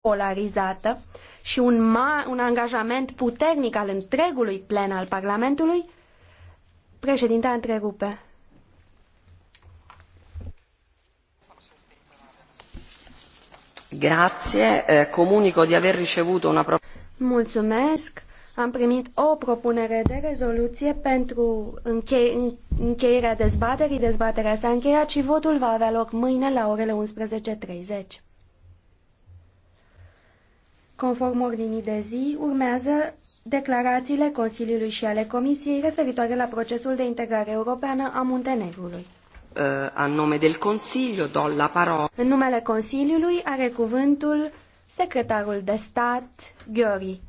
polarizată și un, ma- un angajament puternic al întregului plen al Parlamentului, președinta întrerupe. Grazie, eh, comunico di aver ricevuto una Mulțumesc. Am primit o propunere de rezoluție pentru înche- încheierea dezbaterii. Dezbaterea s-a încheiat și votul va avea loc mâine la orele 11.30. Conform ordinii de zi, urmează declarațiile Consiliului și ale Comisiei referitoare la procesul de integrare europeană a Muntenegrului. Uh, eh, nume del Consiliu, do la parola. În numele Consiliului are cuvântul secretarul de stat, Gheori.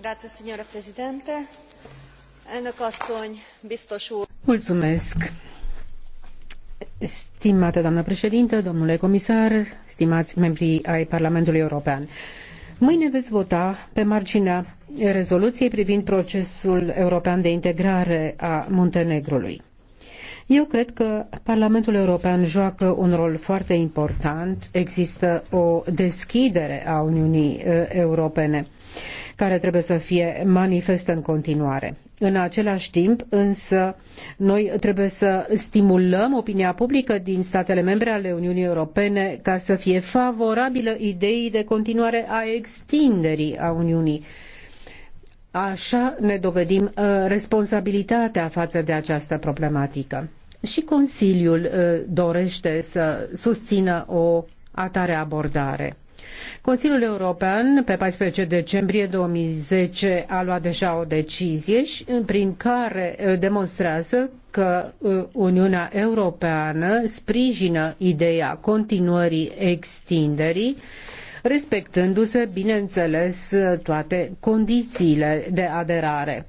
Grazie, signora Presidente. Mulțumesc, Stimată doamnă președintă, domnule comisar, stimați membrii ai Parlamentului European, mâine veți vota pe marginea rezoluției privind procesul european de integrare a Muntenegrului. Eu cred că Parlamentul European joacă un rol foarte important. Există o deschidere a Uniunii eh, Europene care trebuie să fie manifestă în continuare. În același timp, însă, noi trebuie să stimulăm opinia publică din statele membre ale Uniunii Europene ca să fie favorabilă ideii de continuare a extinderii a Uniunii. Așa ne dovedim uh, responsabilitatea față de această problematică. Și Consiliul uh, dorește să susțină o atare abordare. Consiliul European pe 14 decembrie 2010 a luat deja o decizie prin care uh, demonstrează că uh, Uniunea Europeană sprijină ideea continuării extinderii respectându-se, bineînțeles, uh, toate condițiile de aderare.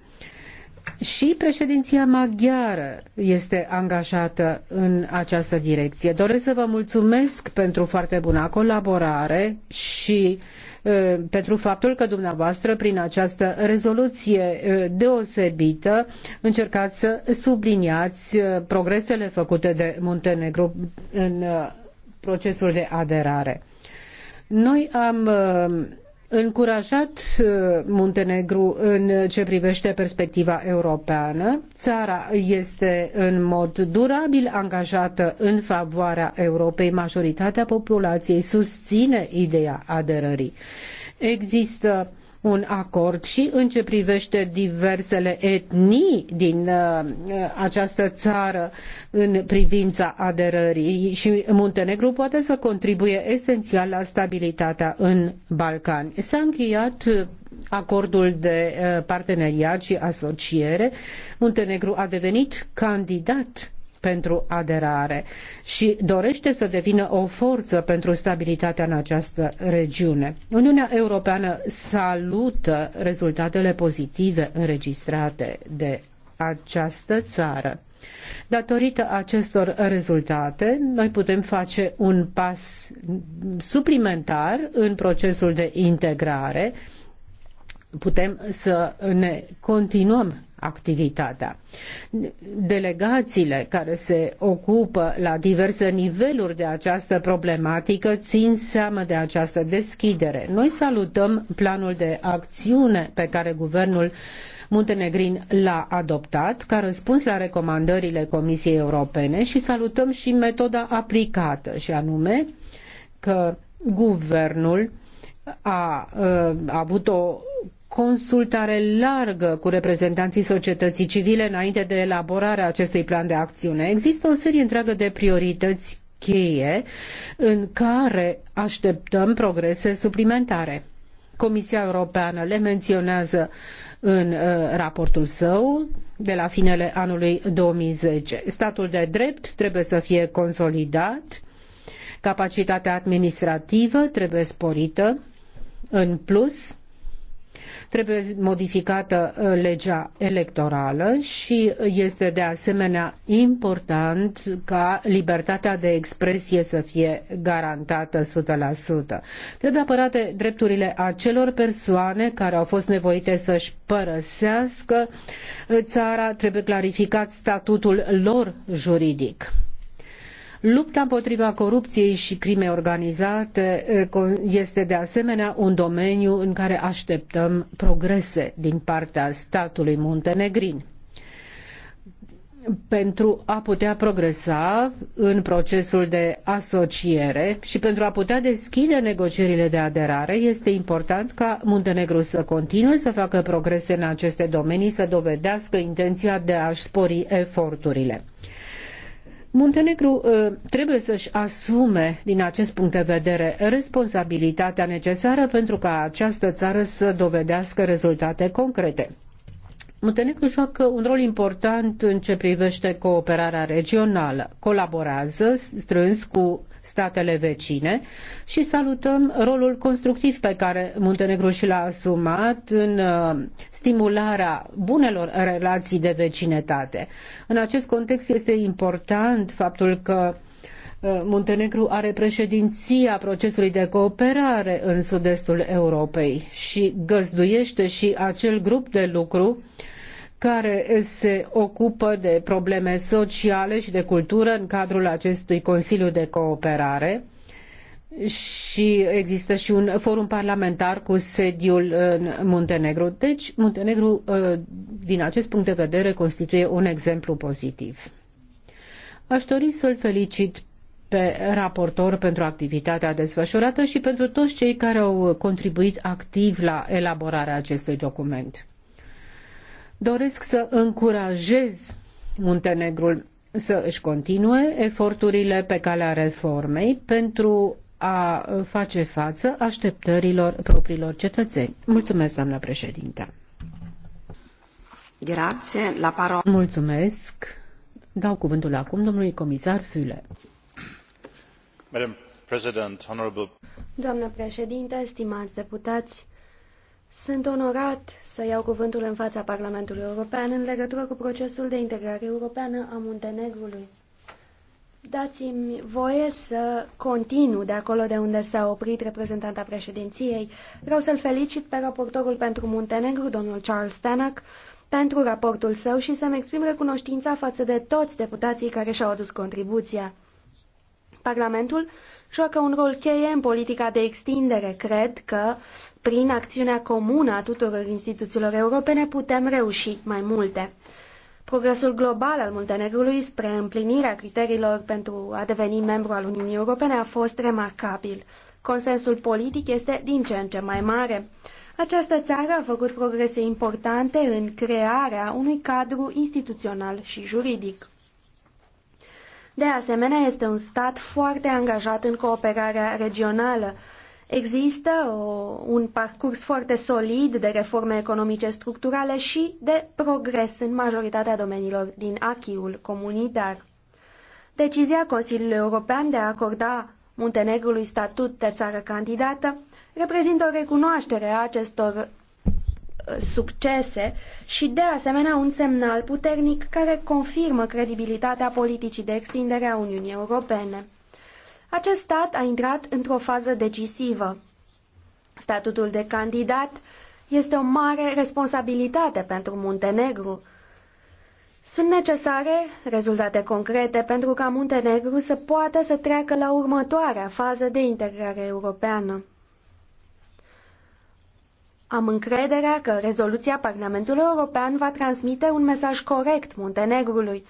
Și președinția maghiară este angajată în această direcție. Doresc să vă mulțumesc pentru foarte bună colaborare și uh, pentru faptul că dumneavoastră, prin această rezoluție uh, deosebită, încercați să subliniați uh, progresele făcute de Muntenegru în procesul de aderare. Noi am încurajat uh, Muntenegru în ce privește perspectiva europeană. Țara este în mod durabil angajată în favoarea Europei. Majoritatea populației susține ideea aderării. Există un acord și în ce privește diversele etnii din uh, uh, această țară în privința aderării și Muntenegru poate să contribuie esențial la stabilitatea în Balcani. S-a încheiat uh, acordul de parteneriat și asociere. Muntenegru a devenit candidat pentru aderare și dorește să devină o forță pentru stabilitatea în această regiune. Uniunea Europeană salută rezultatele pozitive înregistrate de această țară. Datorită acestor rezultate, noi putem face un pas suplimentar în procesul de integrare, putem să ne continuăm activitatea. Delegațiile care se ocupă la diverse niveluri de această problematică țin seamă de această deschidere. Noi salutăm planul de acțiune pe care guvernul Muntenegrin l-a adoptat ca răspuns la recomandările Comisiei Europene și salutăm și metoda aplicată, și anume că guvernul a, ă, a avut o consultare largă cu reprezentanții societății civile înainte de elaborarea acestui plan de acțiune. Există o serie întreagă de priorități cheie în care așteptăm progrese suplimentare. Comisia Europeană le menționează în uh, raportul său de la finele anului 2010. Statul de drept trebuie să fie consolidat, capacitatea administrativă trebuie sporită, în plus, Trebuie modificată uh, legea electorală și este de asemenea important ca libertatea de expresie să fie garantată 100%. Trebuie apărate drepturile acelor persoane care au fost nevoite să-și părăsească uh, țara, trebuie clarificat statutul lor juridic. Lupta împotriva corupției și crimei organizate eh, este de asemenea un domeniu în care așteptăm progrese din partea statului muntenegrin pentru a putea progresa în procesul de asociere și pentru a putea deschide negocierile de aderare, este important ca Muntenegru să continue să facă progrese în aceste domenii, să dovedească intenția de a-și spori eforturile. Muntenegru ă, trebuie să-și asume, din acest punct de vedere, responsabilitatea necesară pentru ca această țară să dovedească rezultate concrete. Muntenegru joacă un rol important în ce privește cooperarea regională. Colaborează strâns cu statele vecine și salutăm rolul constructiv pe care Muntenegru și l-a asumat în uh, stimularea bunelor relații de vecinătate. În acest context este important faptul că uh, Muntenegru are președinția procesului de cooperare în sud-estul Europei și găzduiește și acel grup de lucru uh, care se ocupă de probleme sociale și de cultură în cadrul acestui Consiliu de Cooperare și există și un forum parlamentar cu sediul în Muntenegru. Deci, Muntenegru, ă, din acest punct de vedere, constituie un exemplu pozitiv. Aș dori să-l felicit pe raportor pentru activitatea desfășurată și pentru toți cei care au contribuit activ la elaborarea acestui document doresc să încurajez Muntenegrul să își continue eforturile pe calea reformei pentru a face față așteptărilor propriilor cetățeni. Mulțumesc, doamna președintă. Grație, la paro- Mulțumesc. Dau cuvântul acum domnului comisar Füle. Madam President, honorable... Doamnă președinte, stimați deputați, sunt onorat să iau cuvântul în fața Parlamentului European în legătură cu procesul de integrare europeană a Muntenegrului. Dați-mi voie să continu de acolo de unde s-a oprit reprezentanta președinției. Vreau să-l felicit pe raportorul pentru Muntenegru, domnul Charles Tannock, pentru raportul său și să-mi exprim recunoștința față de toți deputații care și-au adus contribuția. Parlamentul joacă un rol cheie în politica de extindere. Cred că prin acțiunea comună a tuturor instituțiilor europene putem reuși mai multe. Progresul global al Muntenegrului spre împlinirea criteriilor pentru a deveni membru al Uniunii Europene a fost remarcabil. Consensul politic este din ce în ce mai mare. Această țară a făcut progrese importante în crearea unui cadru instituțional și juridic. De asemenea, este un stat foarte angajat în cooperarea regională, Există o, uh, un parcurs foarte solid de reforme economice structurale și de progres în majoritatea domeniilor din achiul comunitar. Decizia Consiliului European de a acorda Muntenegrului statut de țară candidată reprezintă o recunoaștere a acestor uh, succese și de asemenea un semnal puternic care confirmă credibilitatea politicii de extindere a Uniunii Europene. Acest stat a intrat într-o fază decisivă. Statutul de candidat este o mare responsabilitate pentru Muntenegru. Sunt necesare rezultate concrete pentru ca Muntenegru să poată să treacă la următoarea fază de integrare europeană. Am încrederea că rezoluția Parlamentului European va transmite un mesaj corect Muntenegrului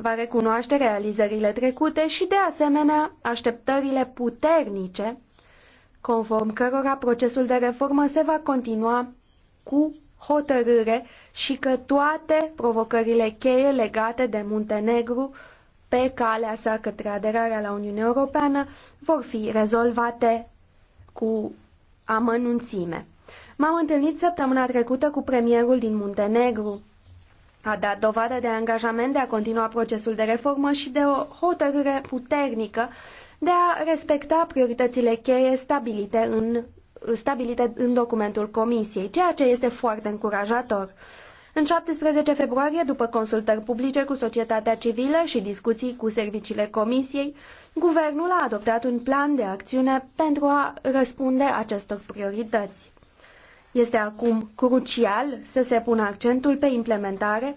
va recunoaște realizările trecute și, de asemenea, așteptările puternice, conform cărora procesul de reformă se va continua cu hotărâre și că toate provocările cheie legate de Muntenegru pe calea sa către aderarea la Uniunea Europeană vor fi rezolvate cu amănunțime. M-am întâlnit săptămâna trecută cu premierul din Muntenegru a dat dovadă de angajament de a continua procesul de reformă și de o hotărâre puternică de a respecta prioritățile cheie stabilite în, stabilite în documentul Comisiei, ceea ce este foarte încurajator. În 17 februarie, după consultări publice cu societatea civilă și discuții cu serviciile Comisiei, guvernul a adoptat un plan de acțiune pentru a răspunde acestor priorități. Este acum crucial să se pună accentul pe implementare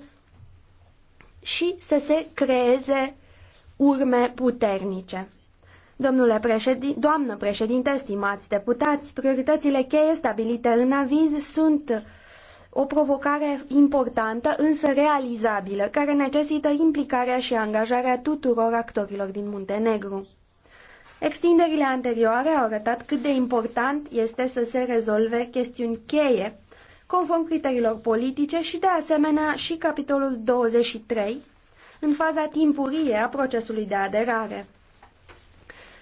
și să se creeze urme puternice. Domnule președin, doamnă președinte, stimați deputați, prioritățile cheie stabilite în aviz sunt o provocare importantă, însă realizabilă, care necesită implicarea și angajarea tuturor actorilor din Muntenegru. Extinderile anterioare au arătat cât de important este să se rezolve chestiuni cheie, conform criteriilor politice și de asemenea și capitolul 23, în faza timpurie a procesului de aderare.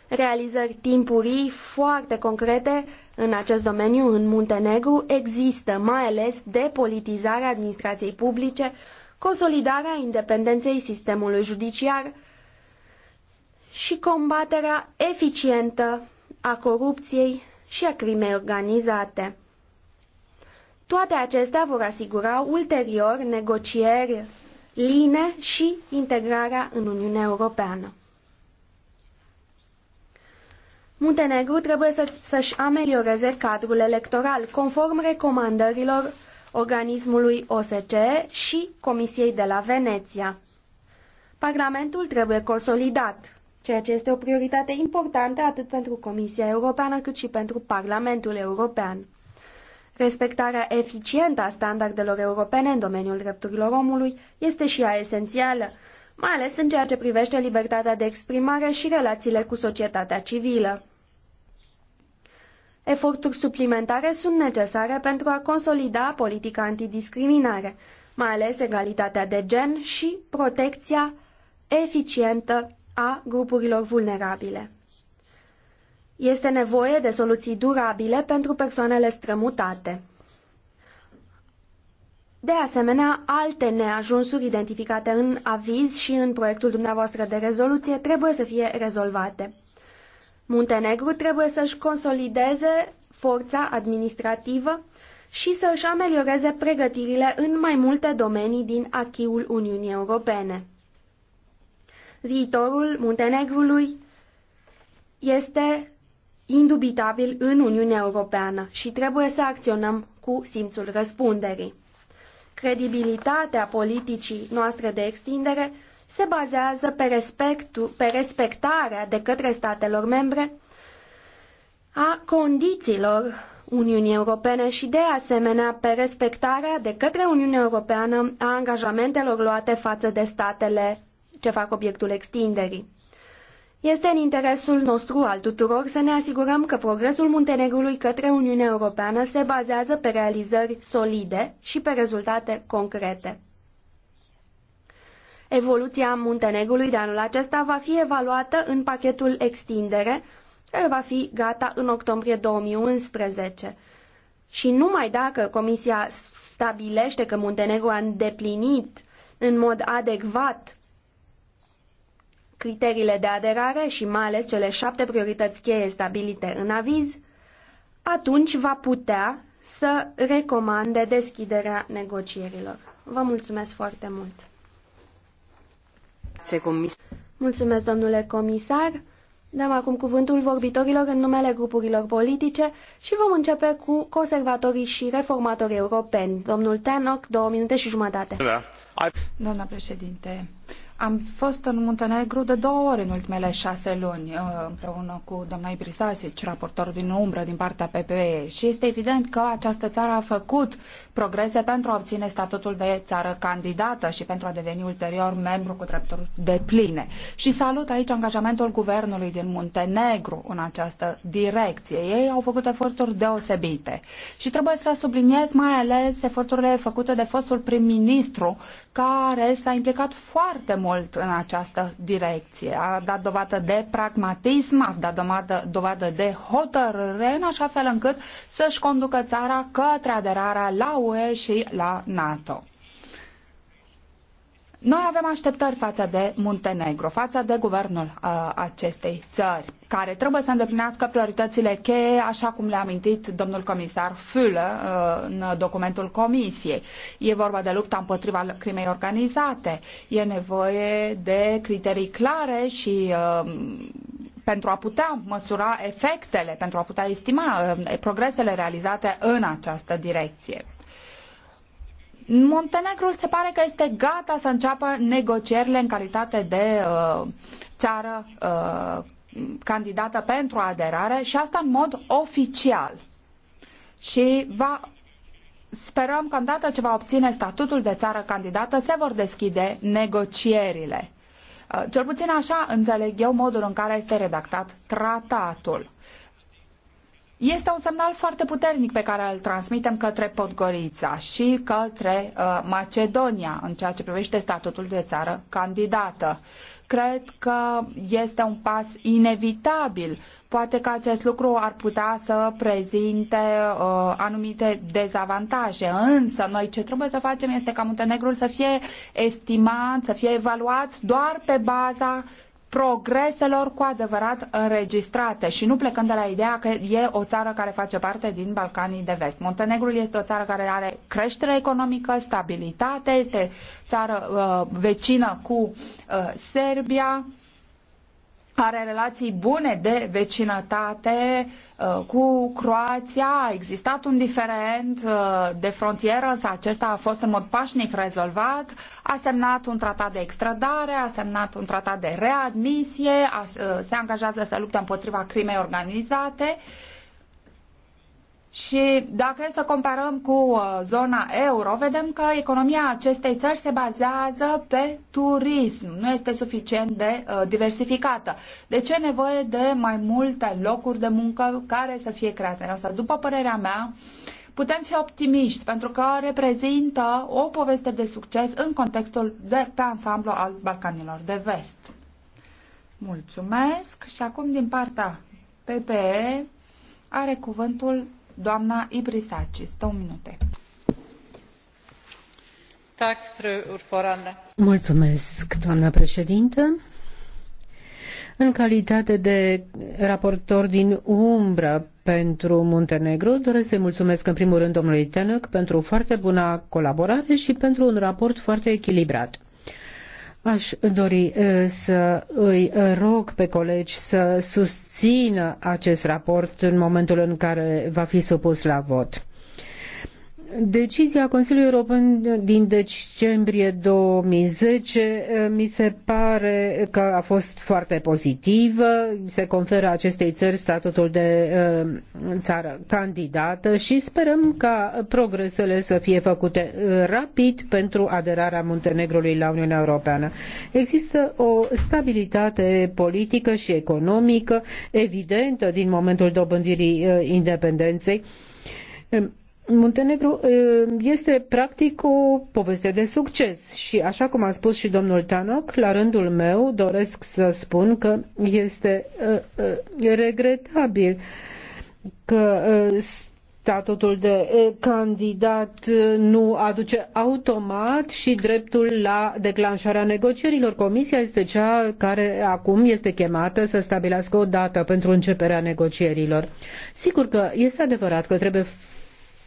Realizări timpurii foarte concrete în acest domeniu, în Muntenegru, există mai ales depolitizarea administrației publice, consolidarea independenței sistemului judiciar, și combaterea eficientă a corupției și a crimei organizate. Toate acestea vor asigura ulterior negocieri line și integrarea în Uniunea Europeană. Muntenegru trebuie să-și amelioreze cadrul electoral, conform recomandărilor organismului OSCE și Comisiei de la Veneția. Parlamentul trebuie consolidat ceea ce este o prioritate importantă atât pentru Comisia Europeană cât și pentru Parlamentul European. Respectarea eficientă a standardelor europene în domeniul drepturilor omului este și ea esențială, mai ales în ceea ce privește libertatea de exprimare și relațiile cu societatea civilă. Eforturi suplimentare sunt necesare pentru a consolida politica antidiscriminare, mai ales egalitatea de gen și protecția eficientă a grupurilor vulnerabile. Este nevoie de soluții durabile pentru persoanele strămutate. De asemenea, alte neajunsuri identificate în aviz și în proiectul dumneavoastră de rezoluție trebuie să fie rezolvate. Muntenegru trebuie să-și consolideze forța administrativă și să își amelioreze pregătirile în mai multe domenii din achiul Uniunii Europene viitorul Muntenegrului este indubitabil în Uniunea Europeană și trebuie să acționăm cu simțul răspunderii. Credibilitatea politicii noastre de extindere se bazează pe, respectul, pe respectarea de către statelor membre a condițiilor Uniunii Europene și de asemenea pe respectarea de către Uniunea Europeană a angajamentelor luate față de statele ce fac obiectul extinderii. Este în interesul nostru al tuturor să ne asigurăm că progresul Muntenegrului către Uniunea Europeană se bazează pe realizări solide și pe rezultate concrete. Evoluția Muntenegrului de anul acesta va fi evaluată în pachetul extindere, care va fi gata în octombrie 2011. Și numai dacă Comisia stabilește că Muntenegru a îndeplinit în mod adecvat criteriile de aderare și mai ales cele șapte priorități cheie stabilite în aviz, atunci va putea să recomande deschiderea negocierilor. Vă mulțumesc foarte mult! Mulțumesc, domnule comisar! Dăm acum cuvântul vorbitorilor în numele grupurilor politice și vom începe cu conservatorii și reformatorii europeni. Domnul Tenoc, două minute și jumătate. Da. Doamna președinte, am fost în Muntenegru de două ori în ultimele șase luni, uh, împreună cu doamna Ibrisasic, deci raportor din umbră din partea PPE. Și este evident că această țară a făcut progrese pentru a obține statutul de țară candidată și pentru a deveni ulterior membru cu drepturi de pline. Și salut aici angajamentul guvernului din Muntenegru în această direcție. Ei au făcut eforturi deosebite. Și trebuie să subliniez mai ales eforturile făcute de fostul prim-ministru, care s-a implicat foarte mult mult în această direcție. A dat dovadă de pragmatism, a dat dovadă, dovadă de hotărâre, în așa fel încât să-și conducă țara către aderarea la UE și la NATO. Noi avem așteptări față de Muntenegro, față de guvernul uh, acestei țări, care trebuie să îndeplinească prioritățile cheie, așa cum le-a amintit domnul comisar Fülă uh, în documentul comisiei. E vorba de lupta împotriva crimei organizate, e nevoie de criterii clare și uh, pentru a putea măsura efectele, pentru a putea estima uh, progresele realizate în această direcție. Montenegrul se pare că este gata să înceapă negocierile în calitate de uh, țară uh, candidată pentru aderare și asta în mod oficial. Și va sperăm că îndată ce va obține statutul de țară candidată se vor deschide negocierile. Uh, cel puțin așa înțeleg eu modul în care este redactat tratatul. Este un semnal foarte puternic pe care îl transmitem către Podgorița și către uh, Macedonia în ceea ce privește statutul de țară candidată. Cred că este un pas inevitabil. Poate că acest lucru ar putea să prezinte uh, anumite dezavantaje, însă noi ce trebuie să facem este ca Muntenegrul să fie estimat, să fie evaluat doar pe baza progreselor cu adevărat înregistrate și nu plecând de la ideea că e o țară care face parte din Balcanii de Vest. Montenegrul este o țară care are creștere economică, stabilitate, este țară uh, vecină cu uh, Serbia are relații bune de vecinătate uh, cu Croația. A existat un diferent uh, de frontieră, însă acesta a fost în mod pașnic rezolvat. A semnat un tratat de extradare, a semnat un tratat de readmisie, a, uh, se angajează să lupte împotriva crimei organizate. Uh, și dacă e să comparăm cu uh, zona euro, vedem că economia acestei țări se bazează pe turism. Nu este suficient de uh, diversificată. De ce e nevoie de mai multe locuri de muncă care să fie create? Asta, după părerea mea, putem fi optimiști pentru că reprezintă o poveste de succes în contextul de pe ansamblu al Balcanilor de Vest. Mulțumesc și acum din partea PPE are cuvântul Doamna Ibrisacis, două minute. Mulțumesc, doamna președintă. În calitate de raportor din umbră pentru Muntenegru, doresc să-i mulțumesc în primul rând domnului Tenăc pentru foarte bună colaborare și pentru un raport foarte echilibrat. Aș dori să îi rog pe colegi să susțină acest raport în momentul în care va fi supus la vot. Decizia Consiliului European din decembrie 2010 eh, mi se pare că a fost foarte pozitivă. Se conferă acestei țări statutul de eh, țară candidată și sperăm ca progresele să fie făcute eh, rapid pentru aderarea Muntenegrului la Uniunea Europeană. Există o stabilitate politică și economică evidentă din momentul dobândirii independenței Muntenegru este practic o poveste de succes și așa cum a spus și domnul Tanoc, la rândul meu doresc să spun că este regretabil că statutul de candidat nu aduce automat și dreptul la declanșarea negocierilor. Comisia este cea care acum este chemată să stabilească o dată pentru începerea negocierilor. Sigur că este adevărat că trebuie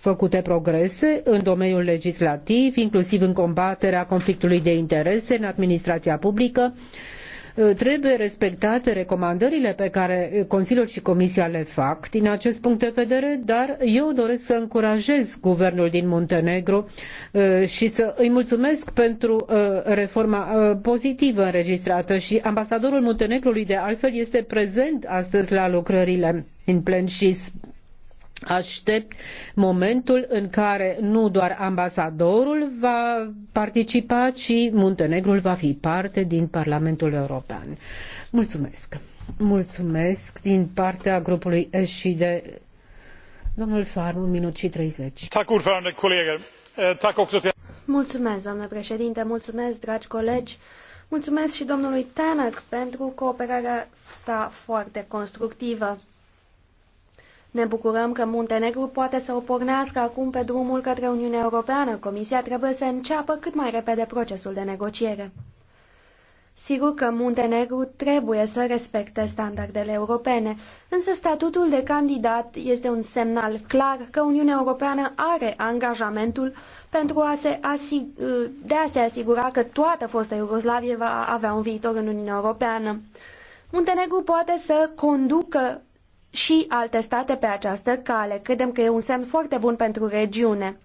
făcute progrese în domeniul legislativ, inclusiv în combaterea conflictului de interese în administrația publică. Uh, trebuie respectate recomandările pe care Consiliul și Comisia le fac din acest punct de vedere, dar eu doresc să încurajez guvernul din Muntenegru uh, și să îi mulțumesc pentru uh, reforma pozitivă înregistrată și ambasadorul Muntenegrului de altfel este prezent astăzi la lucrările din plen și Aștept momentul în care nu doar ambasadorul va participa, ci Muntenegrul va fi parte din Parlamentul European. Mulțumesc! Mulțumesc din partea grupului S de domnul Farm, un minut și 30. Eh, mulțumesc, domnule președinte, mulțumesc, dragi colegi, mulțumesc și domnului Tanak pentru cooperarea sa foarte constructivă. Ne bucurăm că Muntenegru poate să o pornească acum pe drumul către Uniunea Europeană. Comisia trebuie să înceapă cât mai repede procesul de negociere. Sigur că Muntenegru trebuie să respecte standardele europene, însă statutul de candidat este un semnal clar că Uniunea Europeană are angajamentul pentru a se asig- de a se asigura că toată fosta Iugoslavie va avea un viitor în Uniunea Europeană. Muntenegru poate să conducă și alte state pe această cale. Credem că e un semn foarte bun pentru regiune.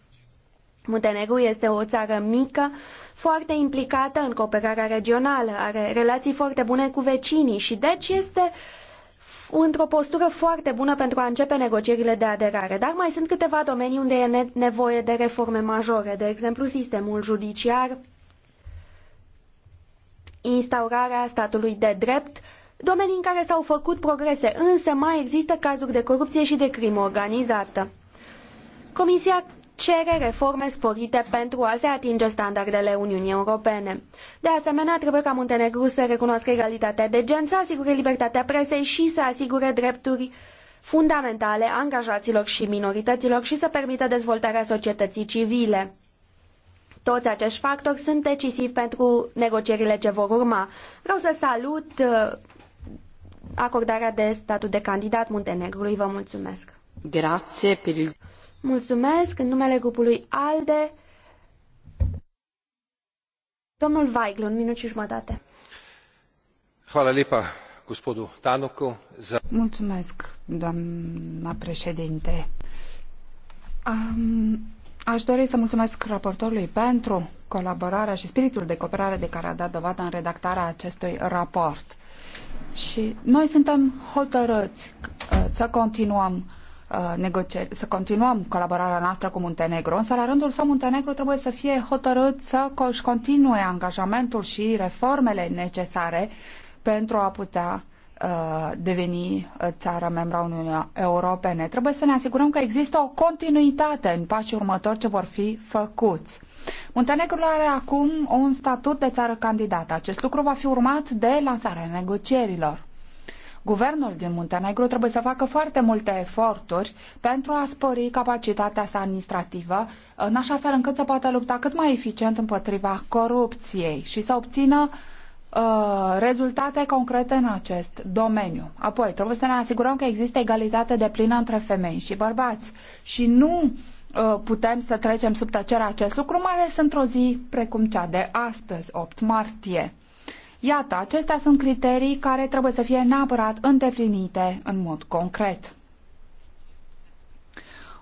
Muntenegru este o țară mică, foarte implicată în cooperarea regională, are relații foarte bune cu vecinii și deci este într-o postură foarte bună pentru a începe negocierile de aderare. Dar mai sunt câteva domenii unde e nevoie de reforme majore, de exemplu sistemul judiciar, instaurarea statului de drept, domenii în care s-au făcut progrese, însă mai există cazuri de corupție și de crimă organizată. Comisia cere reforme sporite pentru a se atinge standardele Uniunii Europene. De asemenea, trebuie ca Muntenegru să recunoască egalitatea de gen, să asigure libertatea presei și să asigure drepturi fundamentale angajaților și minorităților și să permită dezvoltarea societății civile. Toți acești factori sunt decisivi pentru negocierile ce vor urma. Vreau să salut acordarea de statut de candidat Muntenegrului. Vă mulțumesc. Grație per il... Mulțumesc. În numele grupului ALDE, domnul Weigl, un minut și jumătate. Hvala lipa, gospodu Tanuku. Za... Mulțumesc, doamna președinte. Um, aș dori să mulțumesc raportorului pentru colaborarea și spiritul de cooperare de care a dat dovadă în redactarea acestui raport. Și noi suntem hotărâți uh, să continuăm uh, negocieri, să continuăm colaborarea noastră cu Muntenegru, însă la rândul său Muntenegru trebuie să fie hotărât să își continue angajamentul și reformele necesare pentru a putea uh, deveni țară membra Uniunii Europene. Trebuie să ne asigurăm că există o continuitate în pașii următori ce vor fi făcuți. Muntenegru are acum un statut de țară candidată. Acest lucru va fi urmat de lansarea negocierilor. Guvernul din Muntenegru trebuie să facă foarte multe eforturi pentru a spori capacitatea sa administrativă, în așa fel încât să poată lupta cât mai eficient împotriva corupției și să obțină uh, rezultate concrete în acest domeniu. Apoi, trebuie să ne asigurăm că există egalitate de plină între femei și bărbați și nu uh, Uh, putem să trecem sub tăcere acest lucru, mai ales într-o zi precum cea de astăzi, 8 martie. Iată, acestea sunt criterii care trebuie să fie neapărat îndeplinite în mod concret.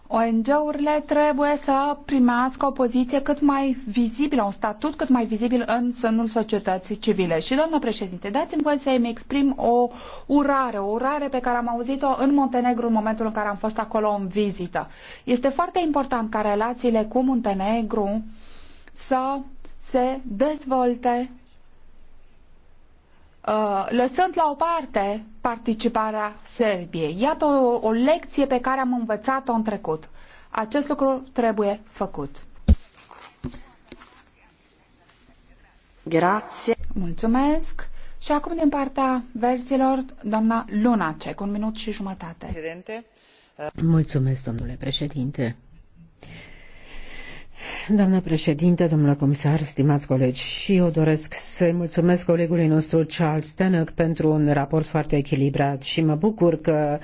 ONG-urile trebuie să primească o poziție cât mai vizibilă, un statut cât mai vizibil în sânul societății civile. Și, doamnă președinte, dați-mi voie să îmi exprim o urare, o urare pe care am auzit-o în Montenegru în momentul în care am fost acolo în vizită. Este foarte important ca relațiile cu Montenegru să se dezvolte Uh, lăsând la o parte participarea Serbiei. Iată o, o lecție pe care am învățat-o în trecut. Acest lucru trebuie făcut. Grazie. Mulțumesc. Și acum din partea verzilor, doamna Lunacek, un minut și jumătate. Uh, Mulțumesc, domnule președinte. Doamnă președinte, domnule comisar, stimați colegi, și eu doresc să-i mulțumesc colegului nostru Charles Tannock pentru un raport foarte echilibrat și mă bucur că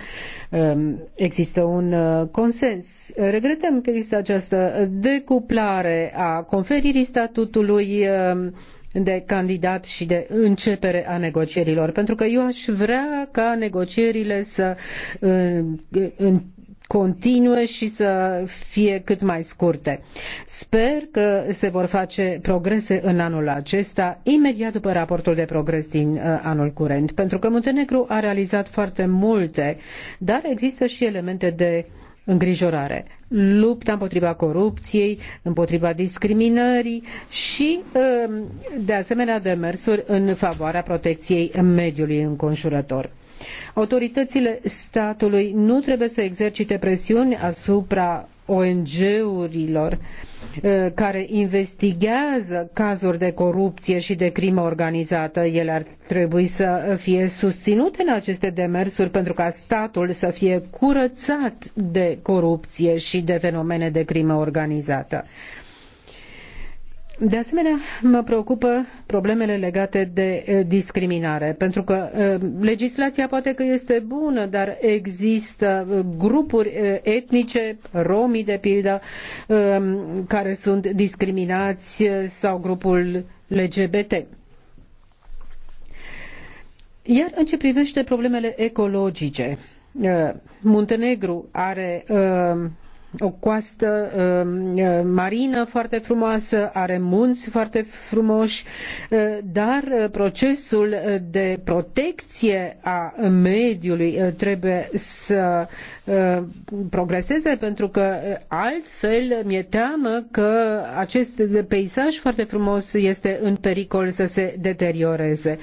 um, există un uh, consens. Regretăm că există această decuplare a conferirii statutului uh, de candidat și de începere a negocierilor, pentru că eu aș vrea ca negocierile să uh, continue și să fie cât mai scurte. Sper că se vor face progrese în anul acesta, imediat după raportul de progres din uh, anul curent, pentru că Muntenegru a realizat foarte multe, dar există și elemente de îngrijorare. Lupta împotriva corupției, împotriva discriminării și, uh, de asemenea, demersuri în favoarea protecției mediului înconjurător. Autoritățile statului nu trebuie să exercite presiuni asupra ONG-urilor eh, care investigează cazuri de corupție și de crimă organizată. Ele ar trebui să fie susținute în aceste demersuri pentru ca statul să fie curățat de corupție și de fenomene de crimă organizată. De asemenea, mă preocupă problemele legate de discriminare, pentru că legislația poate că este bună, dar există grupuri etnice, romii de pildă, care sunt discriminați sau grupul LGBT. Iar în ce privește problemele ecologice, Muntenegru are o coastă um, uh, marină foarte frumoasă, are munți foarte frumoși, uh, dar uh, procesul de protecție a mediului trebuie să progreseze pentru că altfel mi-e teamă că acest peisaj foarte frumos este în pericol să se deterioreze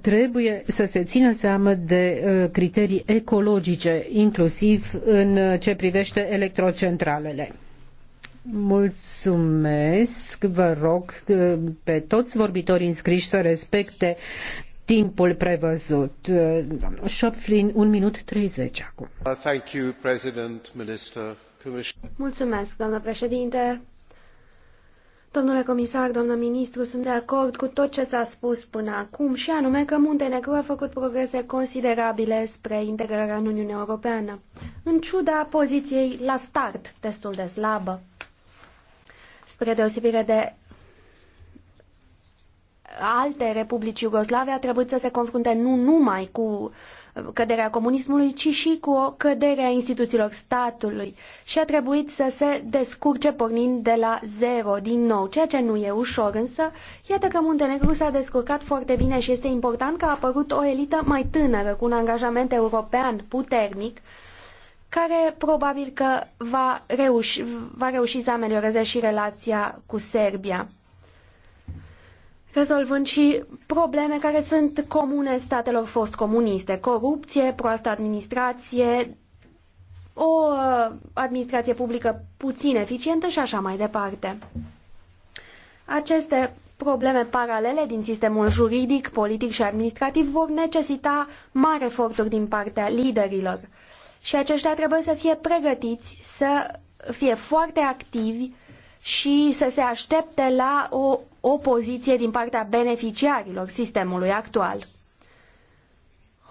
trebuie să se țină seamă de uh, criterii ecologice, inclusiv în uh, ce privește electrocentralele. Mulțumesc, vă rog uh, pe toți vorbitorii înscriși să respecte timpul prevăzut. Șopflin, un minut 30 acum. Mulțumesc, doamnă președinte, Domnule comisar, doamnă ministru, sunt de acord cu tot ce s-a spus până acum și anume că Muntenegru a făcut progrese considerabile spre integrarea în Uniunea Europeană, în ciuda poziției la start destul de slabă. Spre deosebire de alte republici iugoslave, a trebuit să se confrunte nu numai cu căderea comunismului, ci și cu o cădere a instituțiilor statului și a trebuit să se descurce pornind de la zero din nou, ceea ce nu e ușor, însă iată că Muntenegru s-a descurcat foarte bine și este important că a apărut o elită mai tânără cu un angajament european puternic care probabil că va reuși, va reuși să amelioreze și relația cu Serbia rezolvând și probleme care sunt comune statelor fost comuniste, corupție, proastă administrație, o uh, administrație publică puțin eficientă și așa mai departe. Aceste probleme paralele din sistemul juridic, politic și administrativ vor necesita mari eforturi din partea liderilor. Și aceștia trebuie să fie pregătiți să fie foarte activi și să se aștepte la o opoziție din partea beneficiarilor sistemului actual.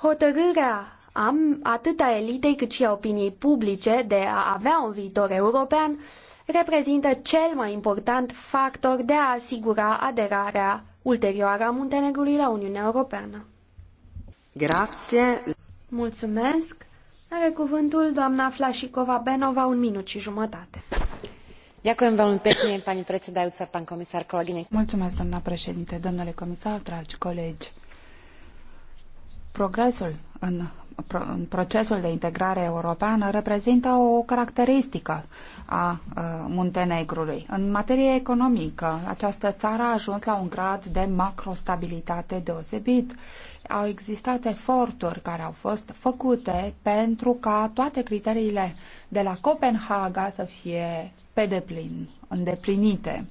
Hotărârea am atât a elitei cât și a opiniei publice de a avea un viitor european reprezintă cel mai important factor de a asigura aderarea ulterioară a Muntenegrului la Uniunea Europeană. Grație. Mulțumesc. Are cuvântul doamna Flașicova Benova un minut și jumătate progresul în, procesul de integrare europeană reprezintă o caracteristică a uh, Muntenegrului. În materie economică, această țară a ajuns la un grad de macrostabilitate deosebit au existat eforturi care au fost făcute pentru ca toate criteriile de la Copenhaga să fie pe deplin, îndeplinite.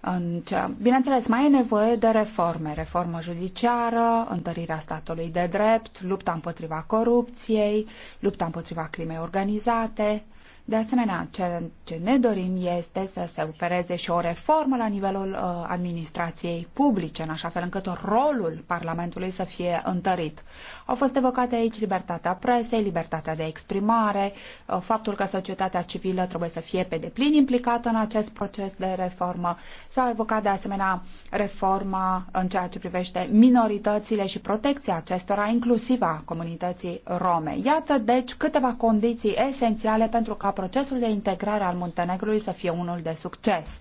În cea... Bineînțeles, mai e nevoie de reforme, reformă judiciară, întărirea statului de drept, lupta împotriva corupției, lupta împotriva crimei organizate, de asemenea, ceea ce ne dorim este să se opereze și o reformă la nivelul uh, administrației publice, în așa fel încât rolul Parlamentului să fie întărit. Au fost evocate aici libertatea presei, libertatea de exprimare, uh, faptul că societatea civilă trebuie să fie pe deplin implicată în acest proces de reformă. S-au evocat de asemenea reforma în ceea ce privește minoritățile și protecția acestora, inclusiv a comunității rome. Iată, deci, câteva condiții esențiale pentru ca procesul de integrare al Muntenegrului să fie unul de succes.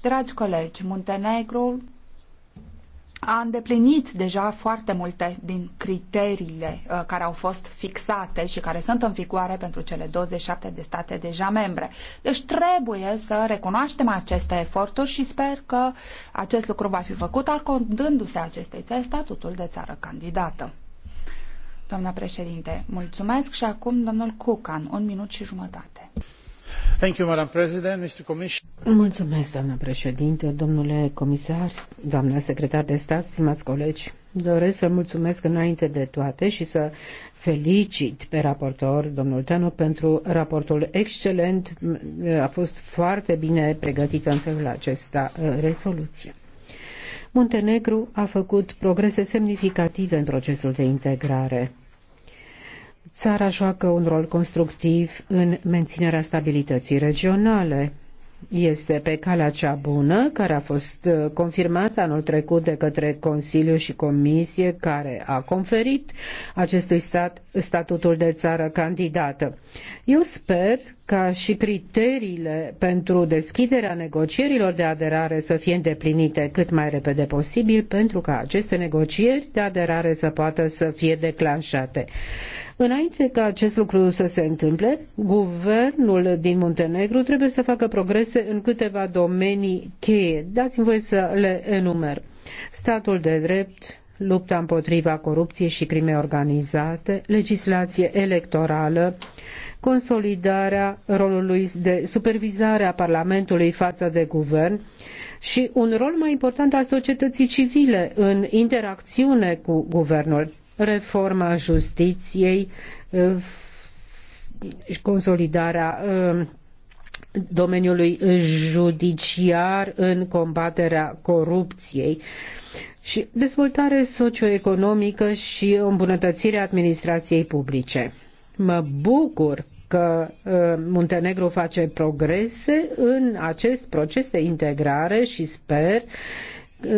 Dragi colegi, Muntenegru a îndeplinit deja foarte multe din criteriile uh, care au fost fixate și care sunt în vigoare pentru cele 27 de state deja membre. Deci trebuie să recunoaștem aceste eforturi și sper că acest lucru va fi făcut, acordându-se acestei țări statutul de țară candidată. Doamna președinte, mulțumesc și acum domnul Cucan, un minut și jumătate. Thank you, Madam President, Mr. Commissioner. Mulțumesc, doamna președinte, domnule comisar, doamna secretar de stat, stimați colegi. Doresc să mulțumesc înainte de toate și să felicit pe raportor, domnul Tanuc, pentru raportul excelent. A fost foarte bine pregătită în felul acesta uh, rezoluție. Muntenegru a făcut progrese semnificative în procesul de integrare. Țara joacă un rol constructiv în menținerea stabilității regionale. Este pe calea cea bună, care a fost uh, confirmată anul trecut de către Consiliu și Comisie, care a conferit acestui stat statutul de țară candidată. Eu sper ca și criteriile pentru deschiderea negocierilor de aderare să fie îndeplinite cât mai repede posibil pentru ca aceste negocieri de aderare să poată să fie declanșate. Înainte ca acest lucru să se întâmple, guvernul din Muntenegru trebuie să facă progrese în câteva domenii cheie. Dați-mi voie să le enumer. Statul de drept, lupta împotriva corupției și crimei organizate, legislație electorală, consolidarea rolului de supervizare a Parlamentului față de guvern și un rol mai important al societății civile în interacțiune cu guvernul reforma justiției, uh, consolidarea uh, domeniului judiciar în combaterea corupției și dezvoltare socioeconomică și îmbunătățirea administrației publice. Mă bucur că uh, Muntenegru face progrese în acest proces de integrare și sper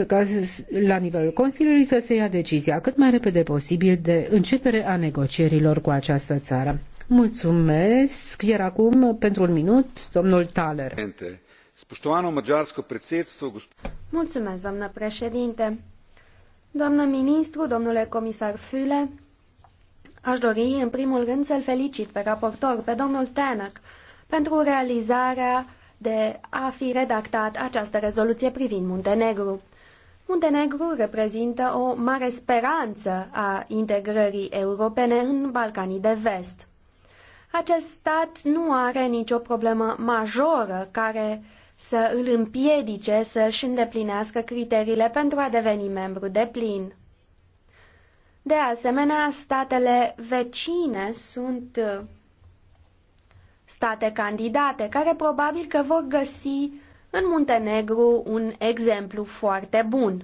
ca la nivelul Consiliului să se ia decizia cât mai repede posibil de începere a negocierilor cu această țară. Mulțumesc. Iar acum, pentru un minut, domnul Thaler. Mulțumesc, doamnă președinte. Doamnă ministru, domnule comisar Füle, aș dori în primul rând să-l felicit pe raportor, pe domnul Tanak, pentru realizarea de a fi redactat această rezoluție privind Muntenegru. Muntenegru reprezintă o mare speranță a integrării europene în Balcanii de Vest. Acest stat nu are nicio problemă majoră care să îl împiedice să-și îndeplinească criteriile pentru a deveni membru de plin. De asemenea, statele vecine sunt uh, state candidate care probabil că vor găsi în Muntenegru un exemplu foarte bun.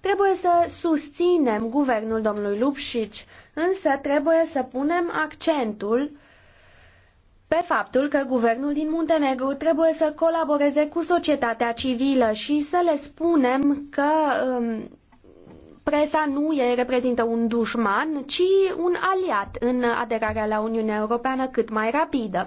Trebuie să susținem guvernul domnului Lupșici, însă trebuie să punem accentul pe faptul că guvernul din Muntenegru trebuie să colaboreze cu societatea civilă și să le spunem că um, presa nu e, reprezintă un dușman, ci un aliat în aderarea la Uniunea Europeană cât mai rapidă.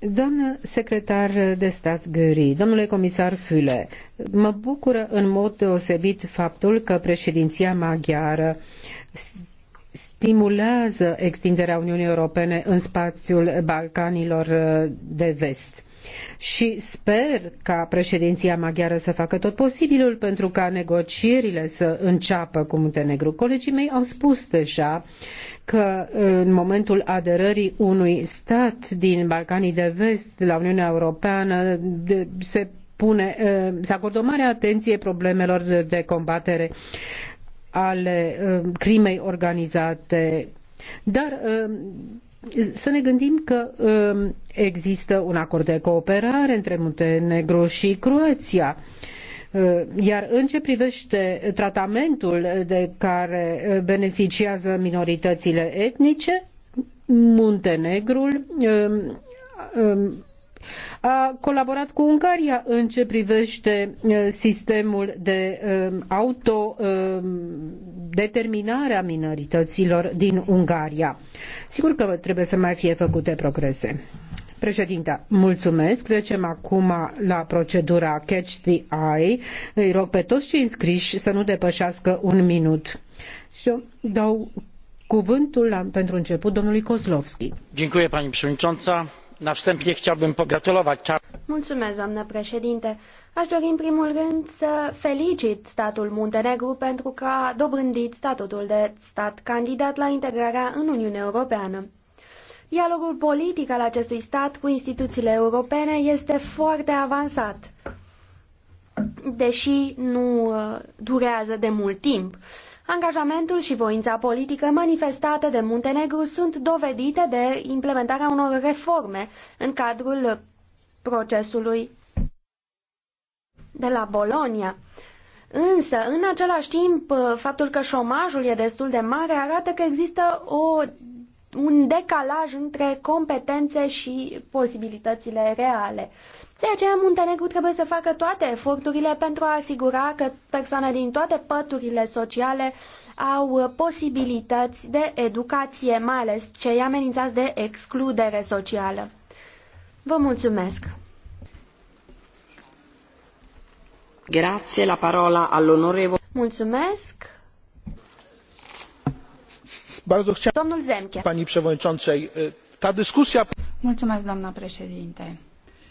Doamnă secretar de stat Gări, domnule comisar Füle, mă bucură în mod deosebit faptul că președinția maghiară stimulează extinderea Uniunii Europene în spațiul Balcanilor de vest și sper ca președinția maghiară să facă tot posibilul pentru ca negocierile să înceapă cu Muntenegru. Colegii mei au spus deja că în momentul aderării unui stat din Balcanii de Vest la Uniunea Europeană se pune, eh, se acordă o mare atenție problemelor de combatere ale eh, crimei organizate dar eh, să ne gândim că um, există un acord de cooperare între Muntenegru și Croația. Uh, iar în ce privește tratamentul de care beneficiază minoritățile etnice, Muntenegrul um, um, a colaborat cu Ungaria în ce privește sistemul de autodeterminare a minorităților din Ungaria. Sigur că trebuie să mai fie făcute progrese. Președinte, mulțumesc. Trecem acum la procedura Catch the Eye. Îi rog pe toți cei înscriși să nu depășească un minut. Și dau cuvântul la, pentru început domnului Kozlovski. Dziękuję pani przewodnicząca na wstępie chciałbym pogratulować Mulțumesc, doamnă președinte. Aș dori în primul rând să felicit statul Muntenegru pentru că a dobândit statutul de stat candidat la integrarea în Uniunea Europeană. Dialogul politic al acestui stat cu instituțiile europene este foarte avansat, deși nu uh, durează de mult timp. Angajamentul și voința politică manifestate de Muntenegru sunt dovedite de implementarea unor reforme în cadrul procesului de la Bologna. Însă, în același timp, faptul că șomajul e destul de mare arată că există o, un decalaj între competențe și posibilitățile reale. De aceea, Muntenegru trebuie să facă toate eforturile pentru a asigura că persoane din toate păturile sociale au posibilități de educație, mai ales cei amenințați de excludere socială. Vă mulțumesc! Grazie, la parola all'onorevole. Mulțumesc! Domnul Zemke. Pani przewodniczącej, ta discuția. Mulțumesc, doamna președinte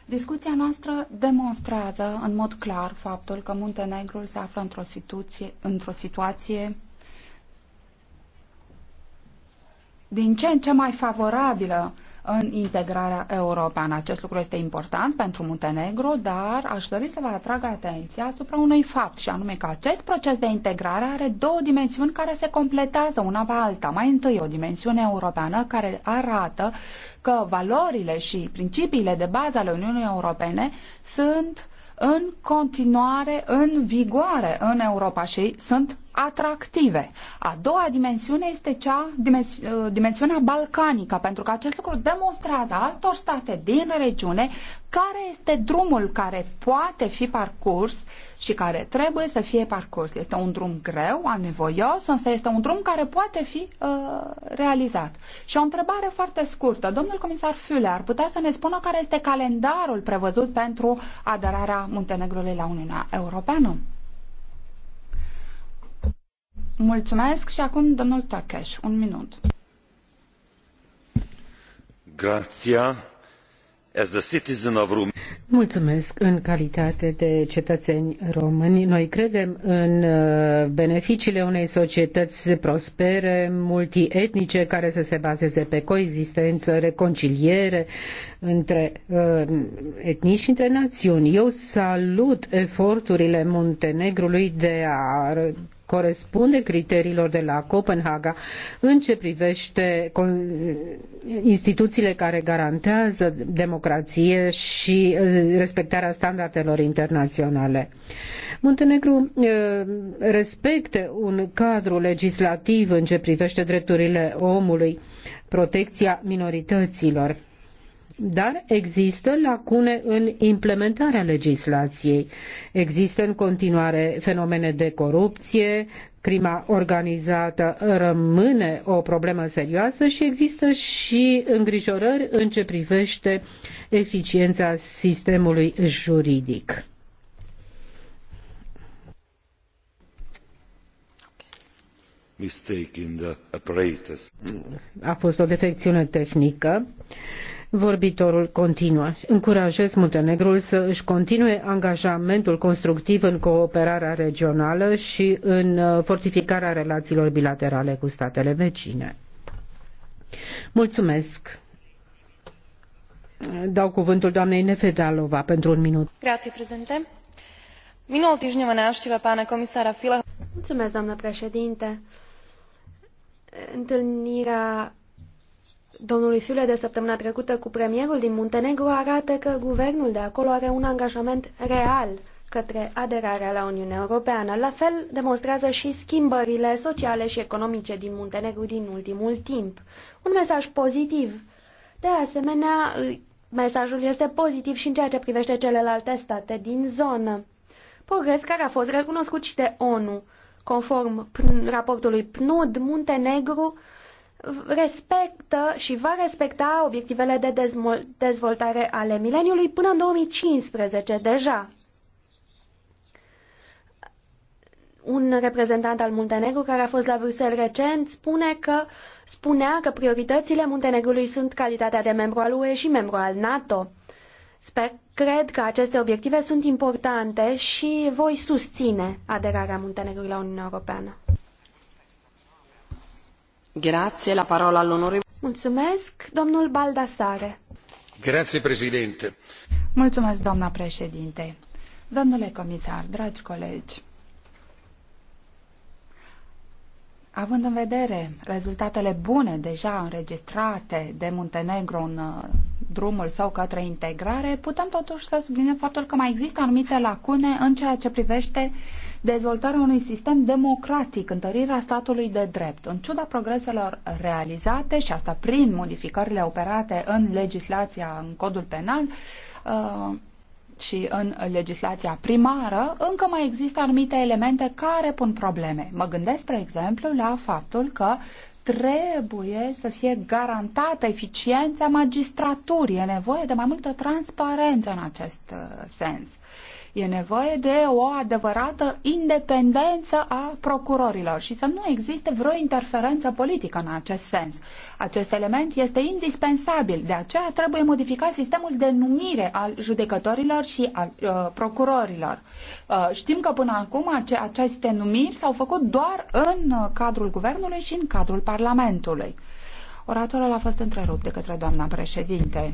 Discuția noastră demonstrează în mod clar faptul că Muntenegrul se află într-o situație, într situație din ce în ce mai favorabilă în integrarea europeană. Acest lucru este important pentru Muntenegru, dar aș dori să vă atrag atenția asupra unui fapt, și anume că acest proces de integrare are două dimensiuni care se completează una pe alta. Mai întâi o dimensiune europeană care arată că valorile și principiile de bază ale Uniunii Europene sunt în continuare în vigoare în Europa și sunt atractive. A doua dimensiune este cea, dimensi, uh, dimensiunea balcanică, pentru că acest lucru demonstrează altor state din regiune care este drumul care poate fi parcurs și care trebuie să fie parcurs. Este un drum greu, anevoios, însă este un drum care poate fi uh, realizat. Și o întrebare foarte scurtă. Domnul comisar Füle ar putea să ne spună care este calendarul prevăzut pentru aderarea Muntenegrului la Uniunea Europeană? Mulțumesc și acum domnul tăcăș un minut. Grația. As a citizen of Rum- Mulțumesc în calitate de cetățeni români. Noi credem în uh, beneficiile unei societăți prospere, multietnice, care să se bazeze pe coexistență, reconciliere, între uh, etnii și între națiuni. Eu salut eforturile Muntenegrului de a corespunde criteriilor de la Copenhaga în ce privește instituțiile care garantează democrație și uh, respectarea standardelor internaționale. Muntenegru uh, respecte un cadru legislativ în ce privește drepturile omului, protecția minorităților dar există lacune în implementarea legislației. Există în continuare fenomene de corupție, crima organizată rămâne o problemă serioasă și există și îngrijorări în ce privește eficiența sistemului juridic. A fost o defecțiune tehnică. Vorbitorul continuă. Încurajez Muntenegrul să își continue angajamentul constructiv în cooperarea regională și în uh, fortificarea relațiilor bilaterale cu statele vecine. Mulțumesc. Dau cuvântul doamnei Nefedalova pentru un minut. Grație, prezente. Minul tiždňová návšteva pana comisara Fileho. Mulțumesc, doamnă președinte. Întâlnirea domnului Fiule de săptămâna trecută cu premierul din Muntenegru arată că guvernul de acolo are un angajament real către aderarea la Uniunea Europeană. La fel demonstrează și schimbările sociale și economice din Muntenegru din ultimul timp. Un mesaj pozitiv. De asemenea, mesajul este pozitiv și în ceea ce privește celelalte state din zonă. Progres care a fost recunoscut și de ONU. Conform raportului PNUD, Muntenegru respectă și va respecta obiectivele de dezvoltare ale mileniului până în 2015 deja. Un reprezentant al Muntenegru care a fost la Bruxelles recent spune că spunea că prioritățile Muntenegrului sunt calitatea de membru al UE și membru al NATO. Sper, cred că aceste obiective sunt importante și voi susține aderarea Muntenegrului la Uniunea Europeană. Mulțumesc, domnul Baldassare. Mulțumesc, președinte. Domnule comisar, dragi colegi, Având în vedere rezultatele bune deja înregistrate de Muntenegro în uh, drumul său către integrare, putem totuși să subliniem faptul că mai există anumite lacune în ceea ce privește dezvoltarea unui sistem democratic, întărirea statului de drept. În ciuda progreselor realizate și asta prin modificările operate în legislația, în codul penal, uh, și în legislația primară, încă mai există anumite elemente care pun probleme. Mă gândesc, spre exemplu, la faptul că trebuie să fie garantată eficiența magistraturii. E nevoie de mai multă transparență în acest uh, sens. E nevoie de o adevărată independență a procurorilor și să nu existe vreo interferență politică în acest sens. Acest element este indispensabil, de aceea trebuie modificat sistemul de numire al judecătorilor și al uh, procurorilor. Uh, știm că până acum ace- aceste numiri s-au făcut doar în uh, cadrul guvernului și în cadrul Parlamentului. Oratorul a fost întrerupt de către doamna președinte.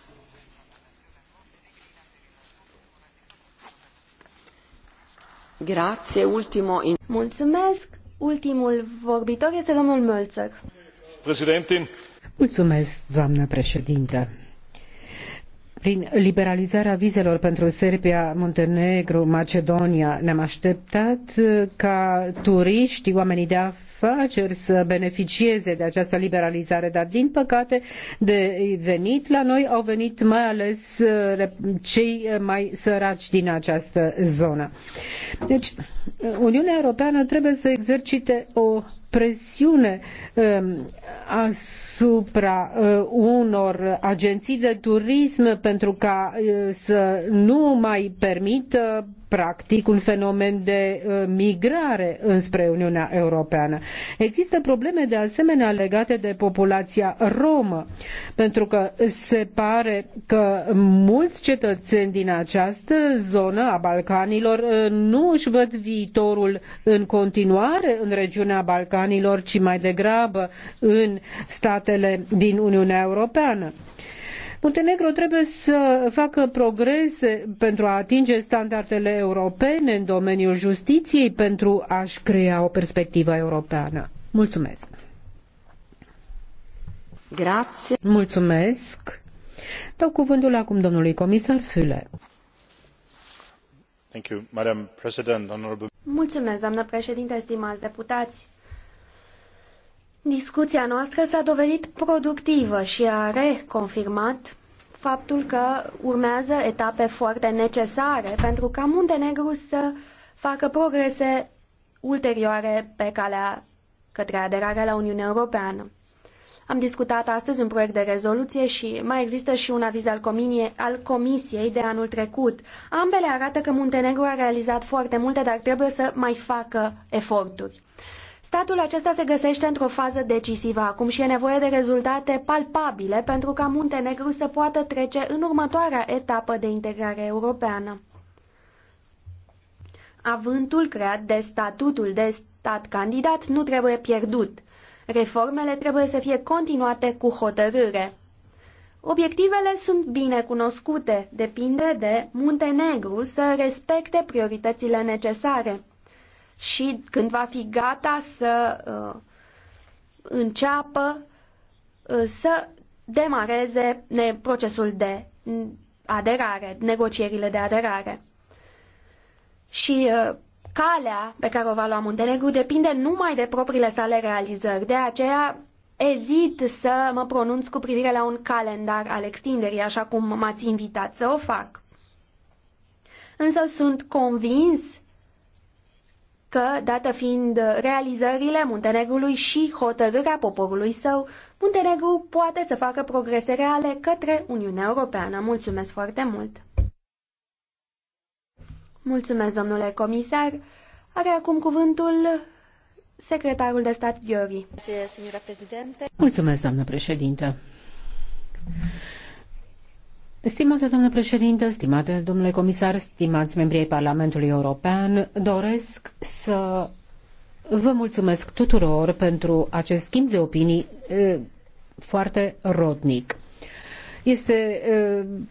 Grazie, ultimo in... Mulțumesc. Ultimul vorbitor este domnul Mölzer. Președinte. Mulțumesc, doamnă președintă. Prin liberalizarea vizelor pentru Serbia, Muntenegru, Macedonia, ne-am așteptat ca turiștii, oamenii de afaceri, afaceri să beneficieze de această liberalizare, dar din păcate de venit la noi au venit mai ales uh, cei uh, mai săraci din această zonă. Deci, uh, Uniunea Europeană trebuie să exercite o presiune um, asupra unor agenții de turism pentru ca să nu mai permită practic un fenomen de uh, migrare înspre Uniunea Europeană. Există probleme de asemenea legate de populația romă, pentru că se pare că mulți cetățeni din această zonă a Balcanilor uh, nu își văd viitorul în continuare în regiunea Balcanilor, ci mai degrabă în statele din Uniunea Europeană. Muntenegru trebuie să facă progrese pentru a atinge standardele europene în domeniul justiției pentru a-și crea o perspectivă europeană. Mulțumesc! Grazie. Mulțumesc! Dau cuvântul acum domnului comisar Füle. Mulțumesc, doamnă președinte, stimați deputați. Discuția noastră s-a dovedit productivă și a reconfirmat faptul că urmează etape foarte necesare pentru ca Muntenegru să facă progrese ulterioare pe calea către aderarea la Uniunea Europeană. Am discutat astăzi un proiect de rezoluție și mai există și un aviz al, cominie, al Comisiei de anul trecut. Ambele arată că Muntenegru a realizat foarte multe, dar trebuie să mai facă eforturi. Statul acesta se găsește într-o fază decisivă acum și e nevoie de rezultate palpabile pentru ca Muntenegru să poată trece în următoarea etapă de integrare europeană. Avântul creat de statutul de stat candidat nu trebuie pierdut. Reformele trebuie să fie continuate cu hotărâre. Obiectivele sunt bine cunoscute, depinde de Muntenegru să respecte prioritățile necesare și când va fi gata să uh, înceapă uh, să demareze procesul de aderare, negocierile de aderare. Și uh, calea pe care o va lua Muntenegru depinde numai de propriile sale realizări. De aceea ezit să mă pronunț cu privire la un calendar al extinderii, așa cum m-ați invitat să o fac. Însă sunt convins că, dată fiind realizările Muntenegrului și hotărârea poporului său, Muntenegru poate să facă progrese reale către Uniunea Europeană. Mulțumesc foarte mult! Mulțumesc, domnule comisar. Are acum cuvântul secretarul de stat Gheorghi. Mulțumesc, doamnă președintă. Stimate domnule președinte, stimate domnule comisar, stimați membrii ai Parlamentului European, doresc să vă mulțumesc tuturor pentru acest schimb de opinii foarte rodnic. Este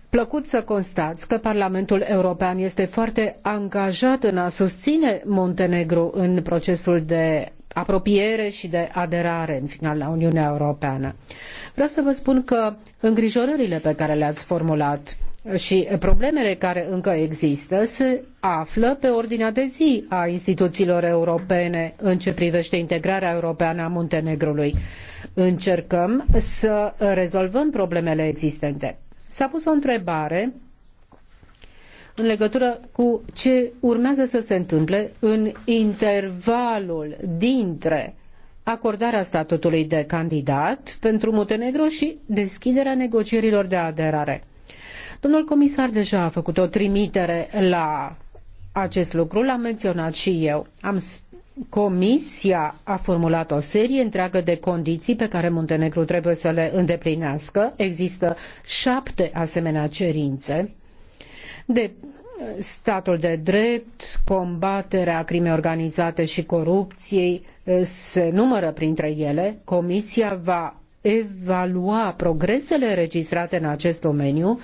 plăcut să constați că Parlamentul European este foarte angajat în a susține Montenegro în procesul de apropiere și de aderare în final la Uniunea Europeană. Vreau să vă spun că îngrijorările pe care le-ați formulat și problemele care încă există se află pe ordinea de zi a instituțiilor europene în ce privește integrarea europeană a Muntenegrului. Încercăm să rezolvăm problemele existente. S-a pus o întrebare în legătură cu ce urmează să se întâmple în intervalul dintre acordarea statutului de candidat pentru Muntenegro și deschiderea negocierilor de aderare. Domnul comisar deja a făcut o trimitere la acest lucru, l-am menționat și eu. Am Comisia a formulat o serie întreagă de condiții pe care Muntenegru trebuie să le îndeplinească. Există șapte asemenea cerințe de statul de drept, combaterea crimei organizate și corupției eh, se numără printre ele. Comisia va evalua progresele înregistrate în acest domeniu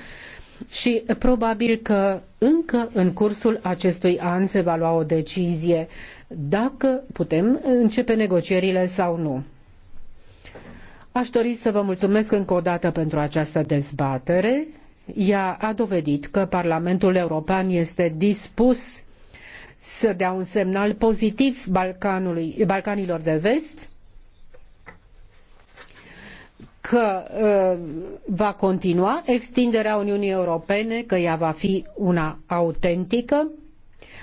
și probabil că încă în cursul acestui an se va lua o decizie dacă putem începe negocierile sau nu. Aș dori să vă mulțumesc încă o dată pentru această dezbatere ea a dovedit că Parlamentul European este dispus să dea un semnal pozitiv Balcanului, Balcanilor de Vest că uh, va continua extinderea Uniunii Europene, că ea va fi una autentică.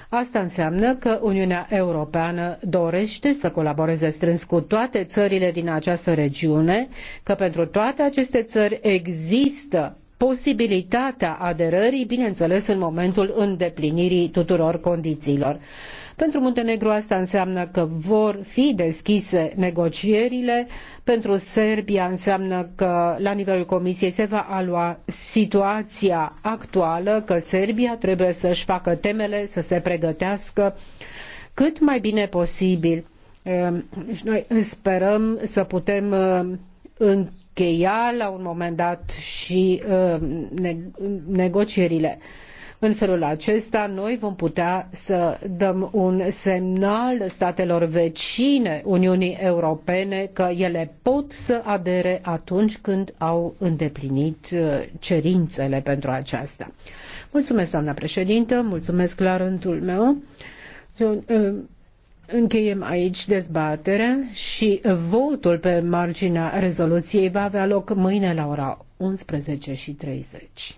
Asta înseamnă că Uniunea Europeană dorește să colaboreze strâns cu toate țările din această regiune, că pentru toate aceste țări există posibilitatea aderării, bineînțeles, în momentul îndeplinirii tuturor condițiilor. Pentru Muntenegru asta înseamnă că vor fi deschise negocierile, pentru Serbia înseamnă că la nivelul Comisiei se va alua situația actuală, că Serbia trebuie să-și facă temele, să se pregătească cât mai bine posibil. Ehm, și noi sperăm să putem ehm, încheia la un moment dat și uh, negocierile. În felul acesta, noi vom putea să dăm un semnal statelor vecine Uniunii Europene că ele pot să adere atunci când au îndeplinit uh, cerințele pentru aceasta. Mulțumesc, doamna președintă, mulțumesc la rândul meu. Uh, Încheiem aici dezbaterea și votul pe marginea rezoluției va avea loc mâine la ora 11 și 30.